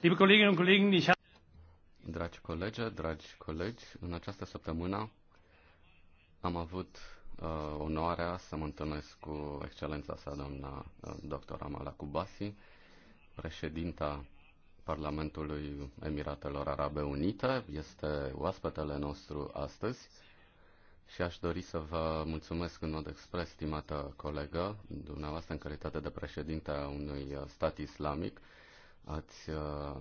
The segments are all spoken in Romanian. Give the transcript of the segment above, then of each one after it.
Liebe Kolleginnen und Kollegen, ich habe Dragi colegi, dragi colegi, în această săptămână am avut uh, onoarea să mă întâlnesc cu excelența sa, doamna uh, dr. Amala Kubasi, președinta Parlamentului Emiratelor Arabe Unite. Este oaspetele nostru astăzi și aș dori să vă mulțumesc în mod expres, stimată colegă, dumneavoastră în calitate de președinte a unui stat islamic, uh, ați uh,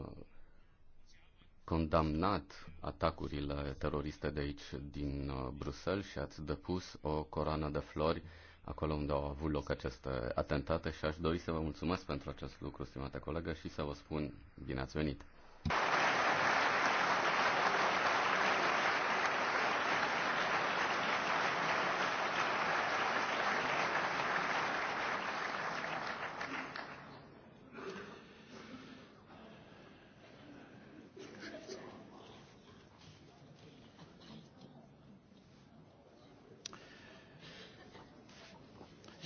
condamnat atacurile teroriste de aici din uh, Bruxelles și ați depus o coroană de flori acolo unde au avut loc aceste atentate și aș dori să vă mulțumesc pentru acest lucru, stimate colegă, și să vă spun bine ați venit!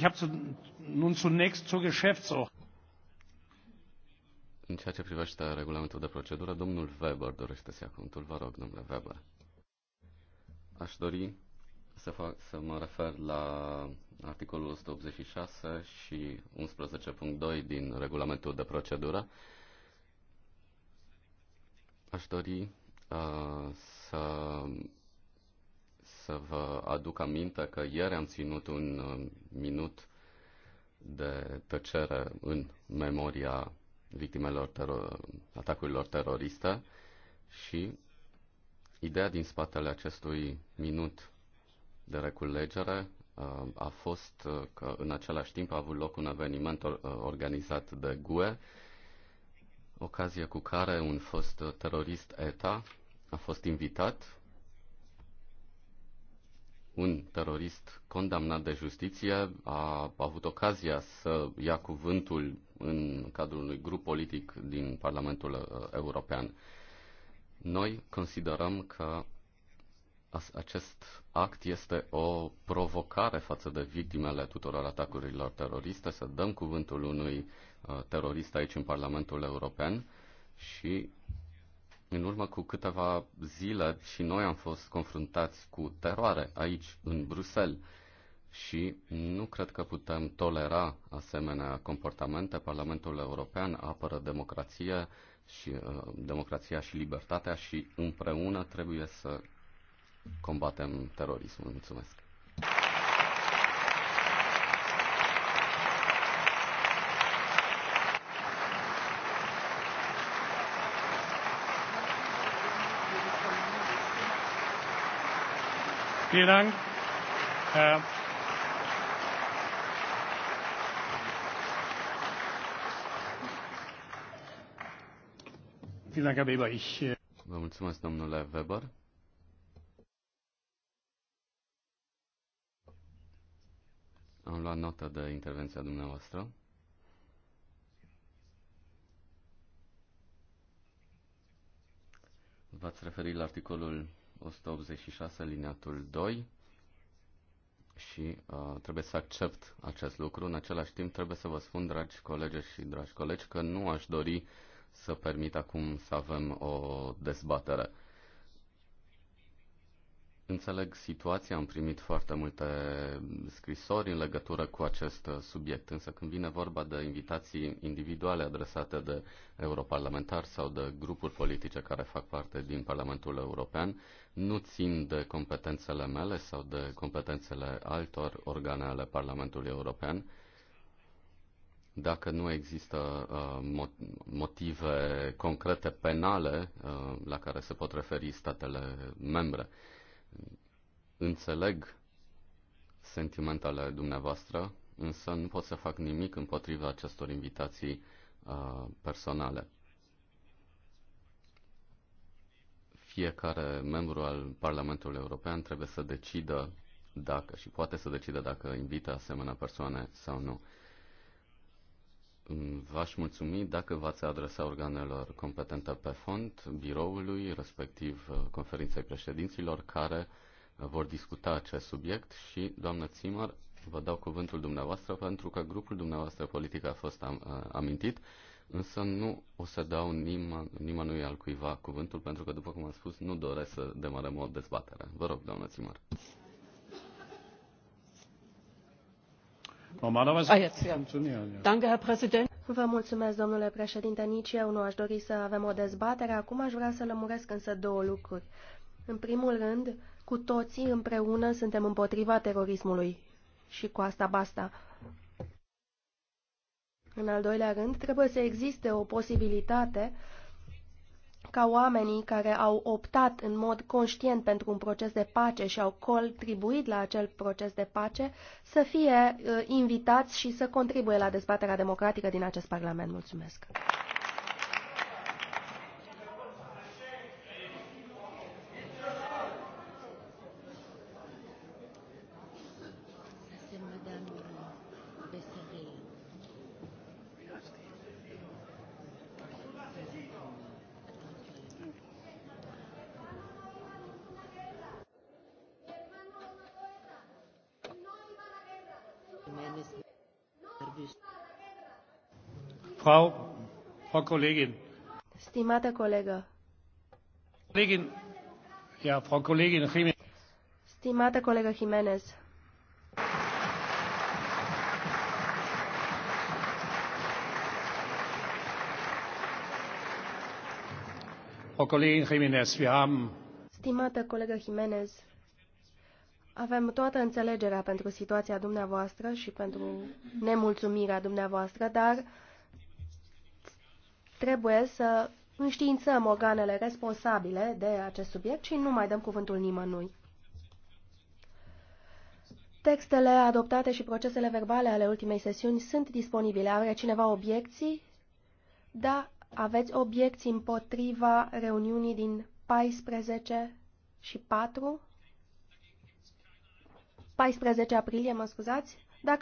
Ich habe nun zunächst zur Geschäftsordnung. În ceea ce privește regulamentul de procedură, domnul Weber dorește să ia cuvântul. Vă rog, domnule Weber. Aș dori să, fac, să mă refer la articolul 186 și 11.2 din regulamentul de procedură. Aș dori uh, să să vă aduc aminte că ieri am ținut un uh, minut de tăcere în memoria victimelor tero- atacurilor teroriste și ideea din spatele acestui minut de reculegere uh, a fost uh, că în același timp a avut loc un eveniment organizat de GUE, ocazie cu care un fost terorist ETA a fost invitat un terorist condamnat de justiție a avut ocazia să ia cuvântul în cadrul unui grup politic din Parlamentul uh, European. Noi considerăm că acest act este o provocare față de victimele tuturor atacurilor teroriste, să dăm cuvântul unui uh, terorist aici în Parlamentul European și în urmă cu câteva zile și noi am fost confruntați cu teroare aici, în Bruxelles, și nu cred că putem tolera asemenea comportamente. Parlamentul European apără democrație și, uh, democrația și libertatea și împreună trebuie să combatem terorismul. Mulțumesc! Vielen Dank, Herr Vielen Dank, Herr Weber. Ich äh, Vă mulțumesc, domnule Weber. Am luat notă de intervenția dumneavoastră. V-ați referit la articolul 186 liniatul 2 și uh, trebuie să accept acest lucru. În același timp trebuie să vă spun, dragi colegi și dragi colegi, că nu aș dori să permit acum să avem o dezbatere. Înțeleg situația, am primit foarte multe scrisori în legătură cu acest subiect, însă când vine vorba de invitații individuale adresate de europarlamentari sau de grupuri politice care fac parte din Parlamentul European, nu țin de competențele mele sau de competențele altor organe ale Parlamentului European. Dacă nu există uh, motive concrete penale uh, la care se pot referi statele membre. Înțeleg sentimentele dumneavoastră, însă nu pot să fac nimic împotriva acestor invitații uh, personale. Fiecare membru al Parlamentului European trebuie să decidă dacă și poate să decidă dacă invită asemenea persoane sau nu. V-aș mulțumi dacă v-ați adresa organelor competente pe fond, biroului, respectiv uh, conferinței președinților, care uh, vor discuta acest subiect și, doamnă Țimăr, vă dau cuvântul dumneavoastră pentru că grupul dumneavoastră politic a fost am, uh, amintit, însă nu o să dau nimă, nimănui al cuiva cuvântul pentru că, după cum am spus, nu doresc să demarăm o dezbatere. Vă rog, doamnă Țimăr. Normalerweise ah, funktionieren. Ja. Danke, Herr Präsident. Vă mulțumesc, domnule președinte. Nici eu nu aș dori să avem o dezbatere. Acum aș vrea să lămuresc însă două lucruri. În primul rând, cu toții împreună suntem împotriva terorismului. Și cu asta basta. În al doilea rând, trebuie să existe o posibilitate uh, ca oamenii care au optat în mod conștient pentru un proces de pace și au contribuit la acel proces de pace să fie uh, invitați și să contribuie la dezbaterea democratică din acest Parlament. Mulțumesc! Frau, Frau Kollegin. Stimată colegă. Kollegin, ja, Frau Kollegin Jimenez. Stimată colegă Jimenez. Frau Kollegin Jimenez, wir haben Stimată colegă Jimenez, avem toată înțelegerea pentru situația dumneavoastră și pentru nemulțumirea dumneavoastră, dar Trebuie să înștiințăm organele responsabile de acest subiect și nu mai dăm cuvântul nimănui. Textele adoptate și procesele verbale ale ultimei sesiuni sunt disponibile. Are cineva obiecții? Da, aveți obiecții împotriva reuniunii din 14 și 4? 14 aprilie, mă scuzați?